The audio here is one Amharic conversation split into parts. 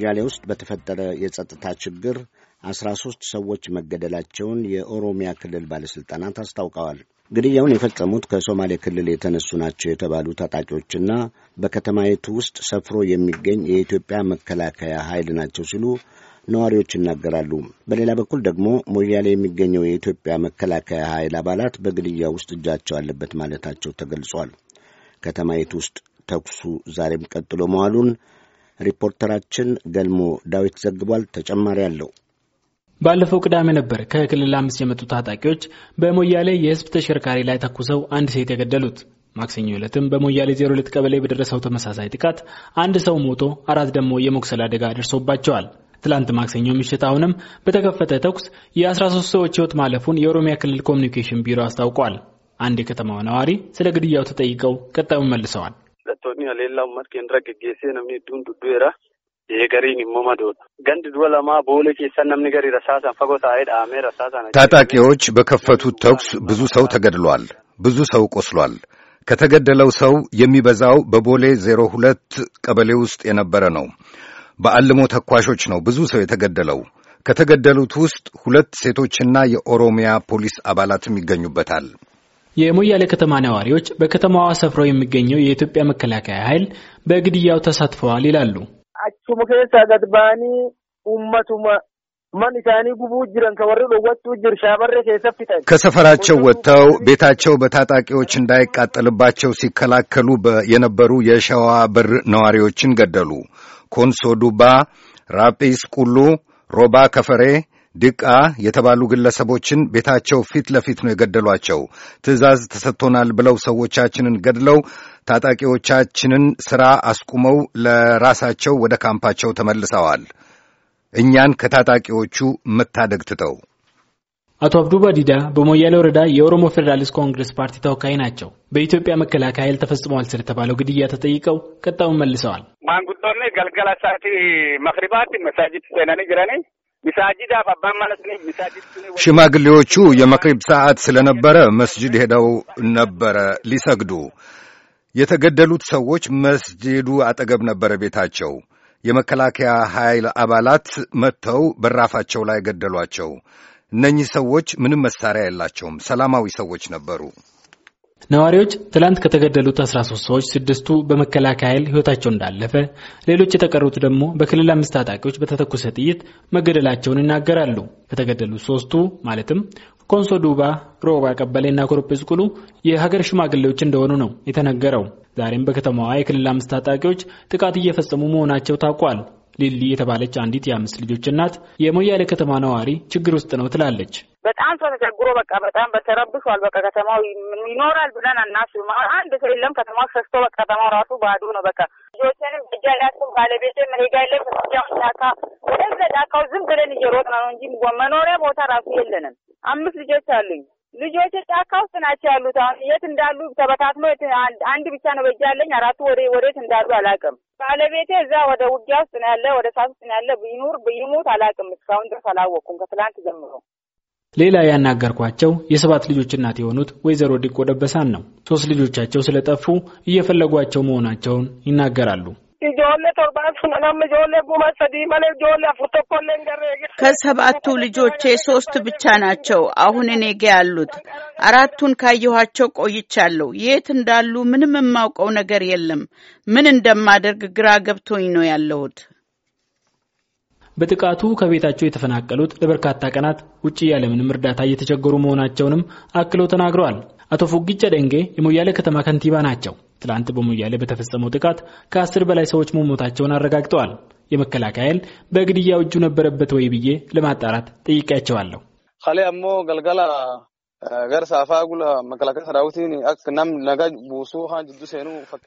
ሞያሌ ውስጥ በተፈጠረ የጸጥታ ችግር አስራ ሶስት ሰዎች መገደላቸውን የኦሮሚያ ክልል ባለሥልጣናት አስታውቀዋል። ግድያውን የፈጸሙት ከሶማሌ ክልል የተነሱ ናቸው የተባሉ ታጣቂዎችና በከተማይቱ ውስጥ ሰፍሮ የሚገኝ የኢትዮጵያ መከላከያ ኃይል ናቸው ሲሉ ነዋሪዎች ይናገራሉ። በሌላ በኩል ደግሞ ሞያሌ የሚገኘው የኢትዮጵያ መከላከያ ኃይል አባላት በግድያ ውስጥ እጃቸው አለበት ማለታቸው ተገልጿል። ከተማይቱ ውስጥ ተኩሱ ዛሬም ቀጥሎ መዋሉን ሪፖርተራችን ገልሞ ዳዊት ዘግቧል። ተጨማሪ አለው። ባለፈው ቅዳሜ ነበር ከክልል አምስት የመጡ ታጣቂዎች በሞያሌ የህዝብ ተሽከርካሪ ላይ ተኩሰው አንድ ሴት የገደሉት። ማክሰኞ ዕለትም በሞያሌ 02 ቀበሌ በደረሰው ተመሳሳይ ጥቃት አንድ ሰው ሞቶ አራት ደግሞ የመቁሰል አደጋ ደርሶባቸዋል። ትላንት ማክሰኞ ምሽት አሁንም በተከፈተ ተኩስ የ13 ሰዎች ህይወት ማለፉን የኦሮሚያ ክልል ኮሚኒኬሽን ቢሮ አስታውቋል። አንድ የከተማው ነዋሪ ስለ ግድያው ተጠይቀው ቀጣዩን መልሰዋል። hojjettoonni haleellaa uummata keenyaa geggeessee namni hedduun duddu'eera. Eegariin immoo madoodha. Gandi du'a lamaa boolee keessan namni gari rasaasan fagoo taa'ee dhahamee rasaasan. ታጣቂዎች በከፈቱት ተኩስ ብዙ ሰው ተገድሏል። ብዙ ሰው ቆስሏል። ከተገደለው ሰው የሚበዛው በቦሌ ዜሮ ሁለት ቀበሌ ውስጥ የነበረ ነው። በአልሞ ተኳሾች ነው ብዙ ሰው የተገደለው። ከተገደሉት ውስጥ ሁለት ሴቶችና የኦሮሚያ ፖሊስ አባላትም ይገኙበታል። የሞያሌ ከተማ ነዋሪዎች በከተማዋ ሰፍረው የሚገኘው የኢትዮጵያ መከላከያ ኃይል በግድያው ተሳትፈዋል ይላሉ። አቹሙ ከሳ ገድባኒ ኡመቱማ ማን ኢሳኒ ጉቡ ጅረን ጅር ከሰፈራቸው ወጥተው ቤታቸው በታጣቂዎች እንዳይቃጠልባቸው ሲከላከሉ የነበሩ የሸዋ በር ነዋሪዎችን ገደሉ። ኮንሶ ዱባ፣ ራጲስ፣ ቁሉ፣ ሮባ ከፈሬ ዲቃ የተባሉ ግለሰቦችን ቤታቸው ፊት ለፊት ነው የገደሏቸው። ትዕዛዝ ተሰጥቶናል ብለው ሰዎቻችንን ገድለው ታጣቂዎቻችንን ሥራ አስቁመው ለራሳቸው ወደ ካምፓቸው ተመልሰዋል። እኛን ከታጣቂዎቹ መታደግ ትተው። አቶ አብዱ ባዲዳ በሞያሌ ወረዳ የኦሮሞ ፌዴራሊስት ኮንግረስ ፓርቲ ተወካይ ናቸው። በኢትዮጵያ መከላከያ ኃይል ተፈጽመዋል ስለተባለው ግድያ ተጠይቀው ቀጣዩን መልሰዋል። ማንጉዶኔ ገልገላ ሳቲ መክሪባት መሳጅት ሴናኒ ጅረኒ ሽማግሌዎቹ የመክሪብ ሰዓት ስለነበረ መስጅድ ሄደው ነበረ ሊሰግዱ። የተገደሉት ሰዎች መስጅዱ አጠገብ ነበረ ቤታቸው። የመከላከያ ኃይል አባላት መጥተው በራፋቸው ላይ ገደሏቸው። እነኚህ ሰዎች ምንም መሳሪያ የላቸውም፣ ሰላማዊ ሰዎች ነበሩ። ነዋሪዎች ትላንት ከተገደሉት 13 ሰዎች ስድስቱ በመከላከያ ኃይል ሕይወታቸው እንዳለፈ፣ ሌሎች የተቀሩት ደግሞ በክልል አምስት ታጣቂዎች በተተኮሰ ጥይት መገደላቸውን ይናገራሉ። ከተገደሉት ሶስቱ ማለትም ኮንሶ ዱባ፣ ሮባ ቀበሌና ኮርጴዝ ቁሉ የሀገር ሽማግሌዎች እንደሆኑ ነው የተነገረው። ዛሬም በከተማዋ የክልል አምስት ታጣቂዎች ጥቃት እየፈጸሙ መሆናቸው ታውቋል። ሊሊ የተባለች አንዲት የአምስት ልጆች እናት የሞያሌ ከተማ ነዋሪ ችግር ውስጥ ነው ትላለች። በጣም ሰው ተቸግሮ በቃ በጣም በተረብሿል። በቃ ከተማው ይኖራል ብለን አናስብም። አንድ ሰው የለም። ከተማው ሸሽቶ በቃ ከተማው ራሱ ባዶ ነው። በቃ ልጆችንም እጃ ላያስብ ባለቤት መሄጃ የለም። ዳካ ወደዛ ዳካው ዝም ብለን እየሮጥ ነው እንጂ መኖሪያ ቦታ ራሱ የለንም። አምስት ልጆች አሉኝ። ልጆች ጫካ ውስጥ ናቸው ያሉት። አሁን የት እንዳሉ ተበታትኖ አንድ ብቻ ነው በእጅ ያለኝ። አራቱ ወደ ወዴት እንዳሉ አላውቅም። ባለቤቴ እዛ ወደ ውጊያ ውስጥ ነው ያለ፣ ወደ ሳት ውስጥ ነው ያለ። ይኑር ይሙት አላውቅም። እስካሁን ድረስ አላወቅኩም ከትላንት ጀምሮ። ሌላ ያናገርኳቸው የሰባት ልጆች እናት የሆኑት ወይዘሮ ዲቆ ደበሳን ነው። ሶስት ልጆቻቸው ስለጠፉ እየፈለጓቸው መሆናቸውን ይናገራሉ። ijoollee torbaan nama ijoollee guma sadii malee ijoollee afur tokko illee hin ከሰባቱ ልጆቼ ሶስት ብቻ ናቸው አሁን እኔ ጋ ያሉት። አራቱን ካየኋቸው ቆይቻለሁ። የት እንዳሉ ምንም የማውቀው ነገር የለም። ምን እንደማደርግ ግራ ገብቶኝ ነው ያለሁት። በጥቃቱ ከቤታቸው የተፈናቀሉት ለበርካታ ቀናት ውጭ ያለምንም እርዳታ እየተቸገሩ መሆናቸውንም አክለው ተናግረዋል። አቶ ፉጊቻ ደንጌ የሞያሌ ከተማ ከንቲባ ናቸው። ትላንት በሞያሌ በተፈጸመው ጥቃት ከአስር በላይ ሰዎች መሞታቸውን አረጋግጠዋል። የመከላከያ ኃይል በግድያው እጁ ነበረበት ወይ ብዬ ለማጣራት ጠይቄያቸዋለሁ። ሞ ገልገላ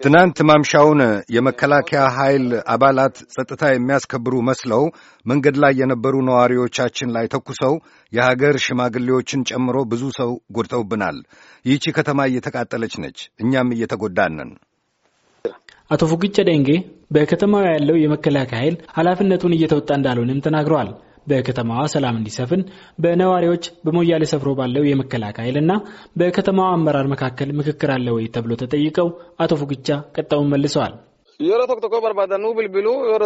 ትናንት ማምሻውን የመከላከያ ኃይል አባላት ጸጥታ የሚያስከብሩ መስለው መንገድ ላይ የነበሩ ነዋሪዎቻችን ላይ ተኩሰው የሀገር ሽማግሌዎችን ጨምሮ ብዙ ሰው ጎድተውብናል። ይህቺ ከተማ እየተቃጠለች ነች፣ እኛም እየተጎዳን አቶ ፉግጨ ደንጌ በከተማው ያለው የመከላከያ ኃይል ኃላፊነቱን እየተወጣ እንዳልሆነም ተናግረዋል። በከተማዋ ሰላም እንዲሰፍን በነዋሪዎች በሞያሌ ሰፍሮ ባለው የመከላከያ ኃይልና በከተማዋ አመራር መካከል ምክክር አለ ወይ ተብሎ ተጠይቀው አቶ ፉግቻ ቀጣዩን መልሰዋል። የሮ ብልብሉ የሮ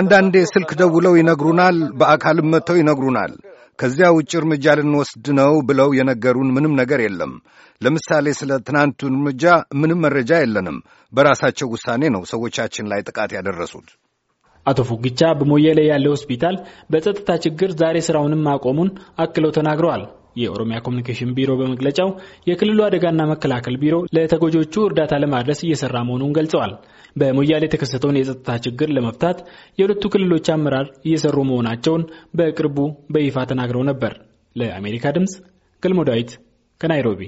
አንዳንዴ ስልክ ደውለው ይነግሩናል፣ በአካልም መጥተው ይነግሩናል። ከዚያ ውጭ እርምጃ ልንወስድ ነው ብለው የነገሩን ምንም ነገር የለም። ለምሳሌ ስለ ትናንቱ እርምጃ ምንም መረጃ የለንም። በራሳቸው ውሳኔ ነው ሰዎቻችን ላይ ጥቃት ያደረሱት። አቶ ፉግቻ በሞየሌ ያለ ሆስፒታል በጸጥታ ችግር ዛሬ ስራውንም ማቆሙን አክለው ተናግረዋል። የኦሮሚያ ኮሚኒኬሽን ቢሮ በመግለጫው የክልሉ አደጋና መከላከል ቢሮ ለተጎጆቹ እርዳታ ለማድረስ እየሰራ መሆኑን ገልጸዋል። በሞያሌ የተከሰተውን የጸጥታ ችግር ለመፍታት የሁለቱ ክልሎች አመራር እየሰሩ መሆናቸውን በቅርቡ በይፋ ተናግረው ነበር። ለአሜሪካ ድምፅ ገልሞ ዳዊት ከናይሮቢ